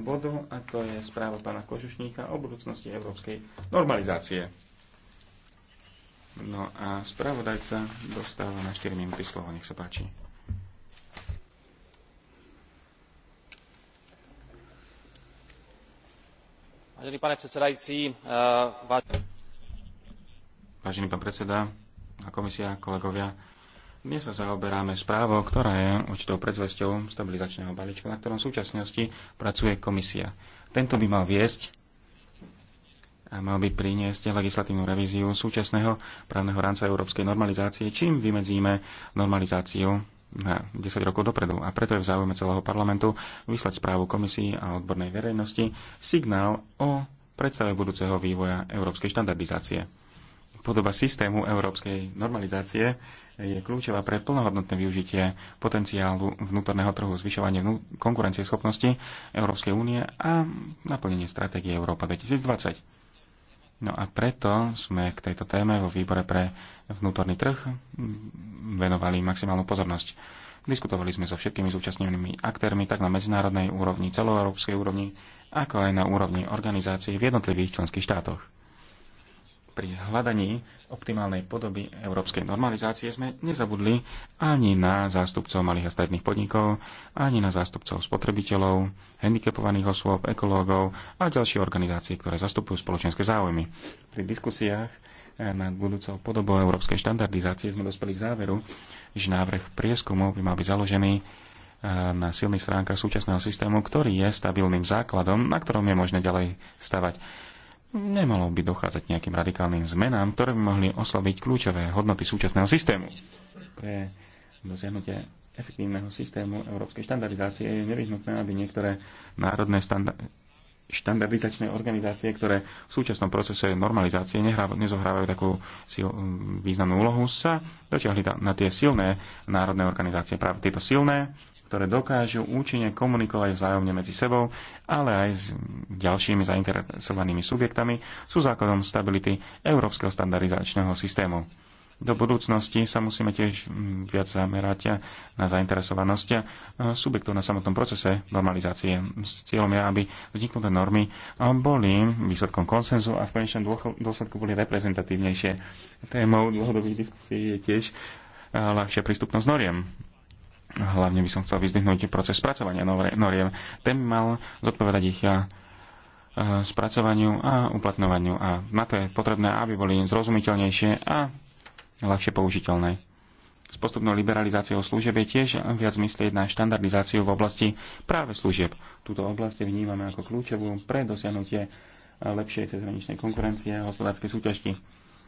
bodu a to je správa pána Kožušníka o budúcnosti európskej normalizácie. No a spravodajca dostáva na 4 minúty slovo, nech sa páči. Vážený pán predsedajúci, uh, vážený pán predseda, komisia, kolegovia, dnes sa zaoberáme správou, ktorá je určitou predzvesťou stabilizačného balíčka, na ktorom v súčasnosti pracuje komisia. Tento by mal viesť a mal by priniesť legislatívnu revíziu súčasného právneho rámca európskej normalizácie, čím vymedzíme normalizáciu na 10 rokov dopredu. A preto je v záujme celého parlamentu vyslať správu komisii a odbornej verejnosti signál o predstave budúceho vývoja európskej štandardizácie. Podoba systému európskej normalizácie je kľúčová pre plnohodnotné využitie potenciálu vnútorného trhu, zvyšovanie konkurencie konkurencieschopnosti Európskej únie a naplnenie stratégie Európa 2020. No a preto sme k tejto téme vo výbore pre vnútorný trh venovali maximálnu pozornosť. Diskutovali sme so všetkými zúčastnenými aktérmi, tak na medzinárodnej úrovni, celoeurópskej úrovni, ako aj na úrovni organizácií v jednotlivých členských štátoch pri hľadaní optimálnej podoby európskej normalizácie sme nezabudli ani na zástupcov malých a stredných podnikov, ani na zástupcov spotrebiteľov, handicapovaných osôb, ekológov a ďalšie organizácie, ktoré zastupujú spoločenské záujmy. Pri diskusiách eh, nad budúcou podobou európskej štandardizácie sme dospeli k záveru, že návrh prieskumov by mal byť založený eh, na silných stránkach súčasného systému, ktorý je stabilným základom, na ktorom je možné ďalej stavať nemalo by dochádzať nejakým radikálnym zmenám, ktoré by mohli oslabiť kľúčové hodnoty súčasného systému. Pre dosiahnutie efektívneho systému európskej štandardizácie je nevyhnutné, aby niektoré národné štandardizačné organizácie, ktoré v súčasnom procese normalizácie nezohrávajú takú sil, významnú úlohu, sa dotiahli na tie silné národné organizácie. Práve tieto silné ktoré dokážu účinne komunikovať vzájomne medzi sebou, ale aj s ďalšími zainteresovanými subjektami, sú základom stability európskeho standardizačného systému. Do budúcnosti sa musíme tiež mm, viac zamerať na zainteresovanosť subjektov na samotnom procese normalizácie. S cieľom je, aby vzniknuté normy boli výsledkom konsenzu a v konečnom dôsledku boli reprezentatívnejšie. Témou dlhodobých diskusí je tiež eh, ľahšia prístupnosť noriem Hlavne by som chcel vyzdvihnúť proces spracovania noriem. Ten by mal zodpovedať ich eh, spracovaniu a uplatňovaniu. A na to je potrebné, aby boli zrozumiteľnejšie a ľahšie použiteľné. S postupnou liberalizáciou služieb je tiež viac myslieť na štandardizáciu v oblasti práve služieb. Túto oblasť vnímame ako kľúčovú pre dosiahnutie eh, lepšej cezhraničnej konkurencie a hospodárskej súťažky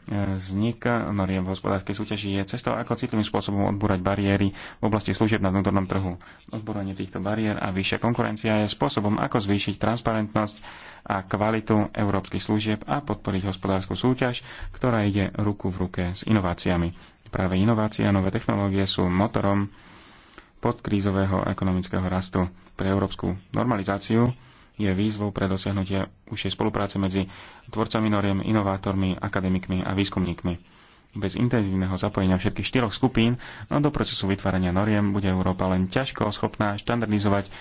Vznik noriem v hospodárskej súťaži je cestou, ako citlivým spôsobom odbúrať bariéry v oblasti služieb na vnútornom trhu. Odbúranie týchto bariér a vyššia konkurencia je spôsobom, ako zvýšiť transparentnosť a kvalitu európskych služieb a podporiť hospodárskú súťaž, ktorá ide ruku v ruke s inováciami. Práve inovácie a nové technológie sú motorom podkrízového ekonomického rastu pre európsku normalizáciu je výzvou pre dosiahnutie užšej spolupráce medzi tvorcami noriem, inovátormi, akademikmi a výskumníkmi. Bez intenzívneho zapojenia všetkých štyroch skupín no do procesu vytvárania noriem bude Európa len ťažko schopná štandardizovať e,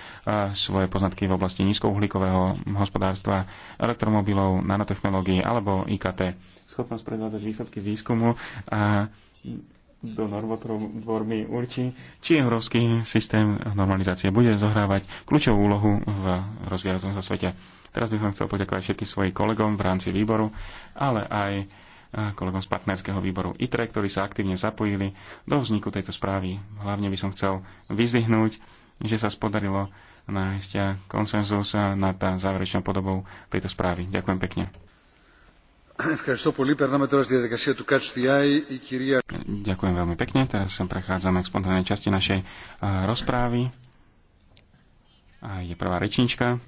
svoje poznatky v oblasti nízkouhlíkového hospodárstva, elektromobilov, nanotechnológií alebo IKT. Schopnosť predvádzať výsledky výskumu a do normotvormy určí, či európsky systém normalizácie bude zohrávať kľúčovú úlohu v rozvíjajúcom sa svete. Teraz by som chcel poďakovať všetkým svojim kolegom v rámci výboru, ale aj kolegom z partnerského výboru ITRE, ktorí sa aktívne zapojili do vzniku tejto správy. Hlavne by som chcel vyzdihnúť, že sa spodarilo nájsť konsenzus nad záverečnou podobou tejto správy. Ďakujem pekne. Ďakujem veľmi pekne. Teraz prechádzame k spontánnej časti našej rozprávy. A je prvá rečnička.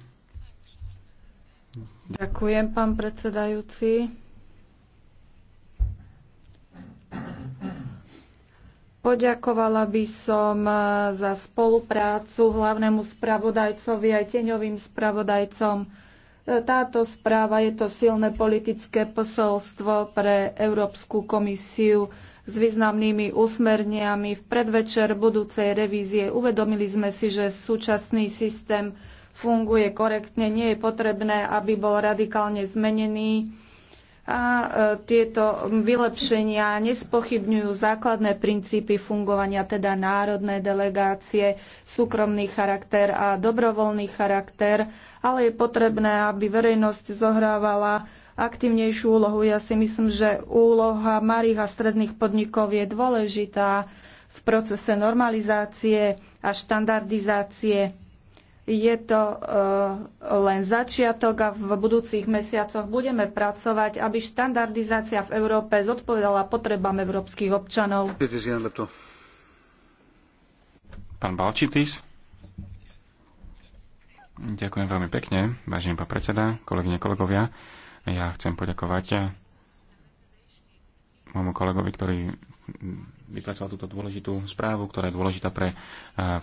Ďakujem, pán predsedajúci. Poďakovala by som za spoluprácu hlavnému spravodajcovi aj teňovým spravodajcom táto správa je to silné politické posolstvo pre Európsku komisiu s významnými úsmerniami. V predvečer budúcej revízie uvedomili sme si, že súčasný systém funguje korektne, nie je potrebné, aby bol radikálne zmenený a e, tieto vylepšenia nespochybňujú základné princípy fungovania, teda národné delegácie, súkromný charakter a dobrovoľný charakter, ale je potrebné, aby verejnosť zohrávala aktívnejšiu úlohu. Ja si myslím, že úloha malých a stredných podnikov je dôležitá v procese normalizácie a štandardizácie je to e, len začiatok a v budúcich mesiacoch budeme pracovať, aby štandardizácia v Európe zodpovedala potrebám európskych občanov. Pán Balčitis. Ďakujem veľmi pekne, vážený pán predseda, kolegyne, kolegovia. Ja chcem poďakovať môjmu kolegovi, ktorý vypracoval túto dôležitú správu, ktorá je dôležitá pre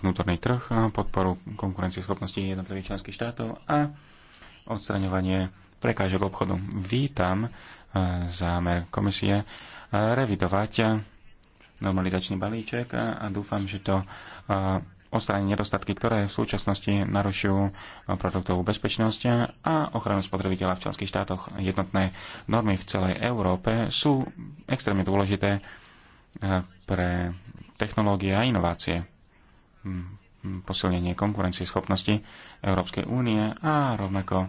vnútorný trh, podporu konkurencieschopnosti jednotlivých členských štátov a odstraňovanie prekážok obchodu. Vítam zámer komisie revidovať normalizačný balíček a dúfam, že to odstráni nedostatky, ktoré v súčasnosti narušujú produktovú bezpečnosť a ochranu spotrebiteľa v členských štátoch. Jednotné normy v celej Európe sú extrémne dôležité E, pre technológie a inovácie, posilnenie konkurencieschopnosti Európskej únie a rovnako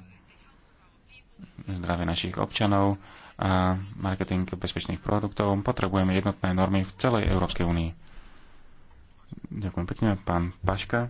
zdravie našich občanov a marketing bezpečných produktov. Potrebujeme jednotné normy v celej Európskej únii. Ďakujem pekne, pán Paška.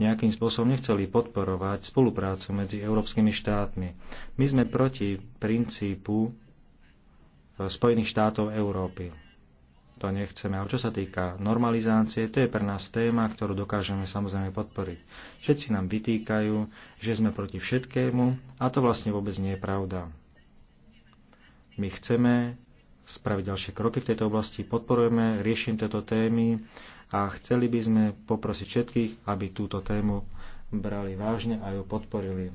nejakým spôsobom nechceli podporovať spoluprácu medzi európskymi štátmi. My sme proti princípu e, Spojených štátov Európy. To nechceme. Ale čo sa týka normalizácie, to je pre nás téma, ktorú dokážeme samozrejme podporiť. Všetci nám vytýkajú, že sme proti všetkému a to vlastne vôbec nie je pravda. My chceme spraviť ďalšie kroky v tejto oblasti, podporujeme riešenie tejto témy a chceli by sme poprosiť všetkých, aby túto tému brali vážne a ju podporili.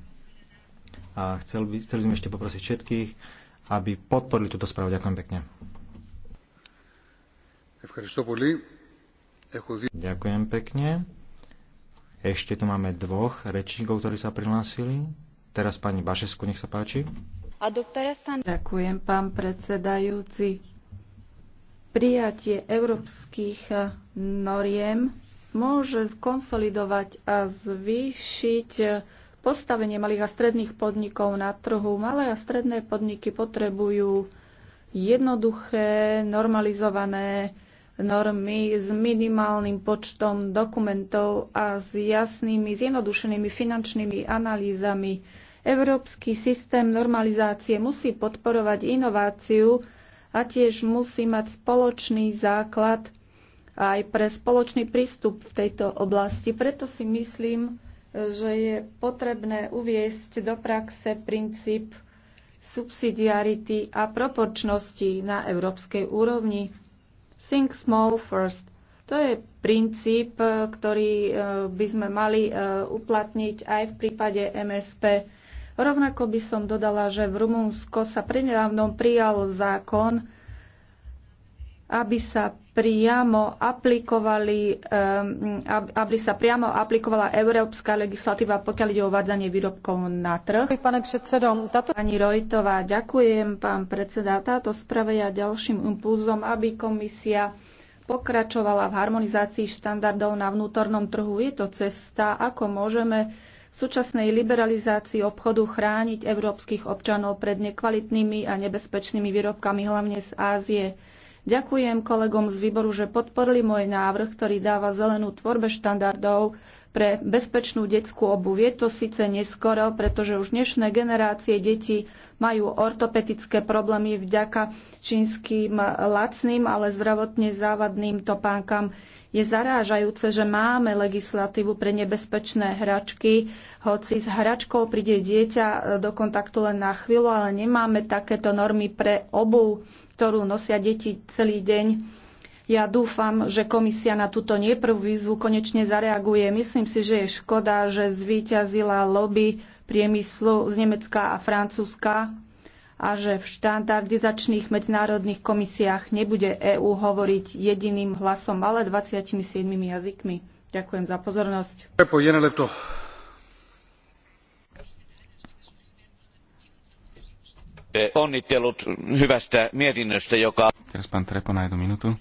A chceli by, chceli by sme ešte poprosiť všetkých, aby podporili túto správu. Ďakujem pekne. Ďakujem pekne. Ešte tu máme dvoch rečníkov, ktorí sa prihlásili. Teraz pani Bašesku, nech sa páči. Ďakujem, pán predsedajúci prijatie európskych eh, noriem môže konsolidovať a zvýšiť eh, postavenie malých a stredných podnikov na trhu. Malé a stredné podniky potrebujú jednoduché, normalizované normy s minimálnym počtom dokumentov a s jasnými, zjednodušenými finančnými analýzami. Európsky systém normalizácie musí podporovať inováciu, a tiež musí mať spoločný základ aj pre spoločný prístup v tejto oblasti. Preto si myslím, že je potrebné uviesť do praxe princíp subsidiarity a proporčnosti na európskej úrovni. Think small first. To je princíp, ktorý eh, by sme mali eh, uplatniť aj v prípade MSP. Rovnako by som dodala, že v Rumunsko sa prinedávnom prijal zákon, aby sa priamo aplikovali, ehm, aby sa priamo aplikovala európska legislatíva, pokiaľ ide o uvádzanie výrobkov na trh. Pane predsedom, táto... Pani Rojtová, ďakujem, pán predseda. Táto sprave ja ďalším impulzom, aby komisia pokračovala v harmonizácii štandardov na vnútornom trhu. Je to cesta, ako môžeme súčasnej liberalizácii obchodu chrániť európskych občanov pred nekvalitnými a nebezpečnými výrobkami, hlavne z Ázie. Ďakujem kolegom z výboru, že podporili môj návrh, ktorý dáva zelenú tvorbe štandardov pre bezpečnú detskú obu. Je to síce neskoro, pretože už dnešné generácie detí majú ortopedické problémy vďaka čínskym lacným, ale zdravotne závadným topánkam. Je zarážajúce, že máme legislatívu pre nebezpečné hračky, hoci s hračkou príde dieťa do kontaktu len na chvíľu, ale nemáme takéto normy pre obu, ktorú nosia deti celý deň ja dúfam, že komisia na túto neprvú výzvu konečne zareaguje. Myslím si, že je škoda, že zvíťazila lobby priemyslu z Nemecka a Francúzska a že v štandardizačných medzinárodných komisiách nebude EÚ hovoriť jediným hlasom, ale 27 jazykmi. Ďakujem za pozornosť. onnittelut hyvästä mietinnöstä joka... Teraz pán Trepo na jednu minútu.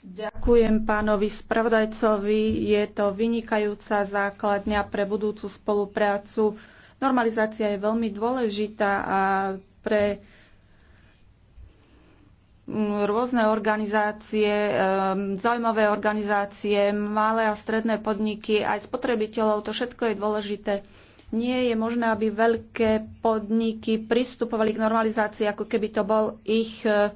Ďakujem pánovi spravodajcovi. Je to vynikajúca základňa pre budúcu spoluprácu. Normalizácia je veľmi dôležitá a pre mm, rôzne organizácie, e, zaujímavé organizácie, malé a stredné podniky, aj spotrebiteľov, to všetko je dôležité. Nie je možné, aby veľké podniky pristupovali k normalizácii, ako keby to bol ich e,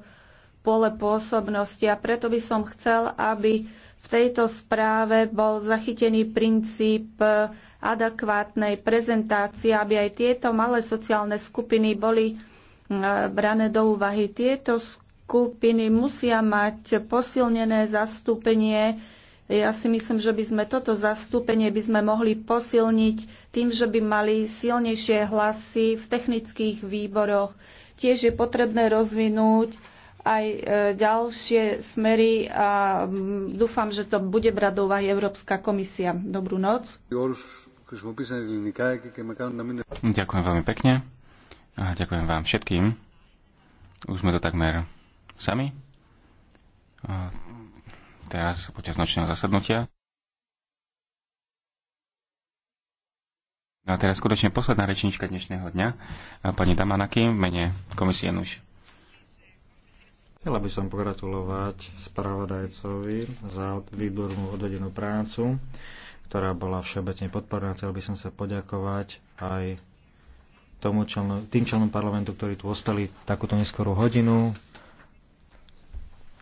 pole pôsobnosti a preto by som chcel, aby v tejto správe bol zachytený princíp adekvátnej prezentácie, aby aj tieto malé sociálne skupiny boli e, brané do úvahy. Tieto skupiny musia mať posilnené zastúpenie. Ja si myslím, že by sme toto zastúpenie by sme mohli posilniť tým, že by mali silnejšie hlasy v technických výboroch. Tiež je potrebné rozvinúť aj e, ďalšie smery a dúfam, že to bude brať do úvahy Európska komisia. Dobrú noc. Ďakujem veľmi pekne. A ďakujem vám všetkým. Už sme to takmer sami. A teraz počas nočného zasadnutia. No a teraz skutočne posledná rečnička dnešného dňa, pani Damanaki v mene komisie NUŠ. Chcela by som pogratulovať spravodajcovi za výbornú odvedenú prácu, ktorá bola všeobecne podporná. Chcel by som sa poďakovať aj tomu členu, tým členom parlamentu, ktorí tu ostali takúto neskorú hodinu.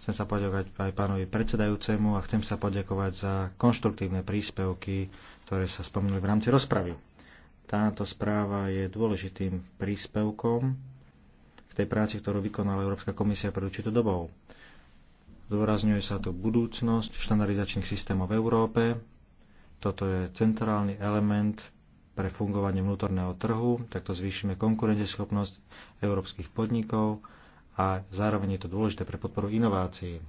Chcem sa poďakovať aj pánovi predsedajúcemu a chcem sa poďakovať za konštruktívne príspevky, ktoré sa spomínali v rámci rozpravy. Táto správa je dôležitým príspevkom k tej práci, ktorú vykonala Európska komisia pred určitou dobou. Zdôrazňuje sa tu budúcnosť štandardizačných systémov v Európe. Toto je centrálny element pre fungovanie vnútorného trhu, takto zvýšime konkurenceschopnosť európskych podnikov a zároveň je to dôležité pre podporu inovácií.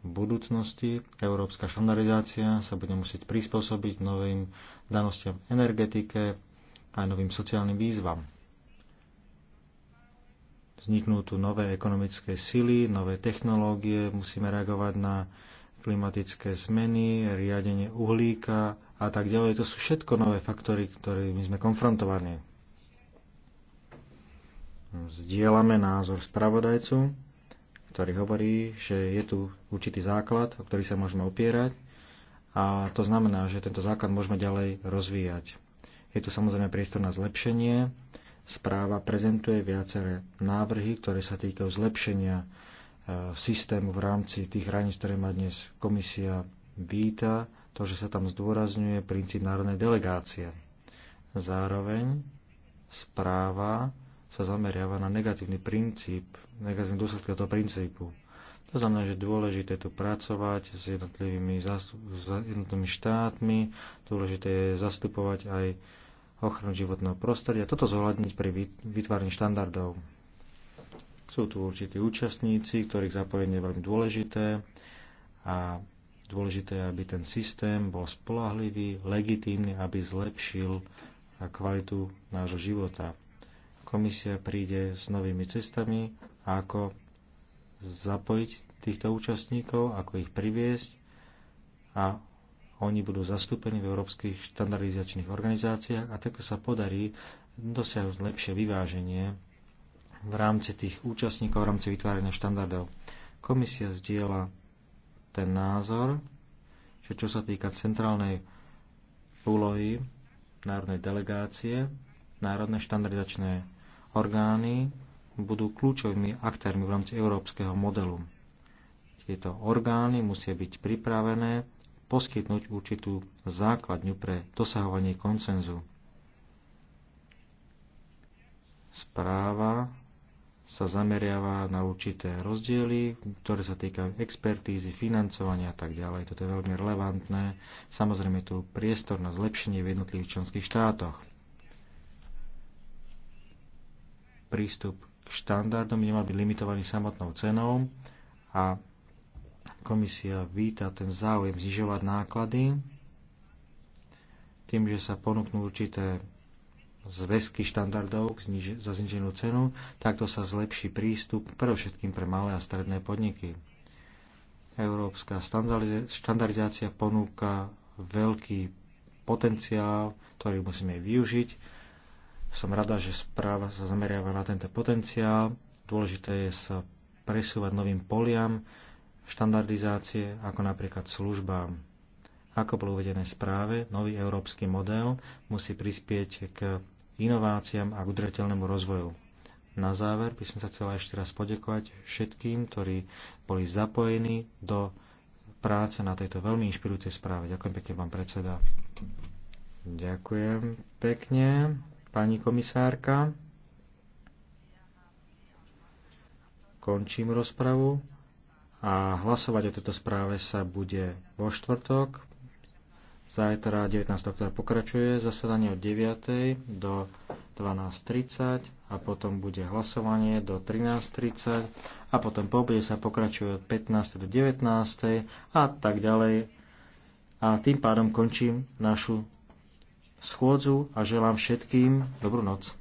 V budúcnosti európska štandardizácia sa bude musieť prispôsobiť novým danostiam energetike a novým sociálnym výzvam. Vzniknú tu nové ekonomické sily, nové technológie, musíme reagovať na klimatické zmeny, riadenie uhlíka a tak ďalej. To sú všetko nové faktory, ktorými sme konfrontovaní. Zdieľame názor spravodajcu, ktorý hovorí, že je tu určitý základ, o ktorý sa môžeme opierať a to znamená, že tento základ môžeme ďalej rozvíjať. Je tu samozrejme priestor na zlepšenie správa prezentuje viaceré návrhy, ktoré sa týkajú zlepšenia e, systému v rámci tých hraníc, ktoré má dnes komisia víta, to, že sa tam zdôrazňuje princíp národnej delegácie. Zároveň správa sa zameriava na negatívny princíp, negatívny dôsledky toho princípu. To znamená, že dôležité je tu pracovať s jednotlivými, s jednotlivými štátmi, dôležité je zastupovať aj ochranu životného prostredia. Toto zohľadniť pri vytváraní štandardov. Sú tu určití účastníci, ktorých zapojenie je veľmi dôležité a dôležité je, aby ten systém bol spolahlivý, legitímny, aby zlepšil kvalitu nášho života. Komisia príde s novými cestami, ako zapojiť týchto účastníkov, ako ich priviesť a oni budú zastúpení v európskych štandardizačných organizáciách a tak sa podarí dosiahnuť lepšie vyváženie v rámci tých účastníkov, v rámci vytvárania štandardov. Komisia zdieľa ten názor, že čo sa týka centrálnej úlohy národnej delegácie, národné štandardizačné orgány budú kľúčovými aktérmi v rámci európskeho modelu. Tieto orgány musia byť pripravené poskytnúť určitú základňu pre dosahovanie koncenzu. Správa sa zameriava na určité rozdiely, ktoré sa týkajú expertízy, financovania a tak ďalej. Toto je veľmi relevantné. Samozrejme, je tu priestor na zlepšenie v jednotlivých členských štátoch. Prístup k štandardom nemal byť limitovaný samotnou cenou a Komisia víta ten záujem znižovať náklady tým, že sa ponúknú určité zväzky štandardov za zniženú cenu, takto sa zlepší prístup predovšetkým pre malé a stredné podniky. Európska štandardizácia ponúka veľký potenciál, ktorý musíme využiť. Som rada, že správa sa zameriava na tento potenciál. Dôležité je sa presúvať novým poliam, štandardizácie, ako napríklad službám. Ako bolo uvedené správe, nový európsky model musí prispieť k inováciám a k udržateľnému rozvoju. Na záver by som sa chcela ešte raz podekovať všetkým, ktorí boli zapojení do práce na tejto veľmi inšpirujúcej správe. Ďakujem pekne, pán predseda. Ďakujem pekne, pani komisárka. Končím rozpravu a hlasovať o tejto správe sa bude vo štvrtok. Zajtra 19. oktobra pokračuje zasadanie od 9. do 12.30 a potom bude hlasovanie do 13.30 a potom po obede sa pokračuje od 15. do 19. a tak ďalej. A tým pádom končím našu schôdzu a želám všetkým dobrú noc.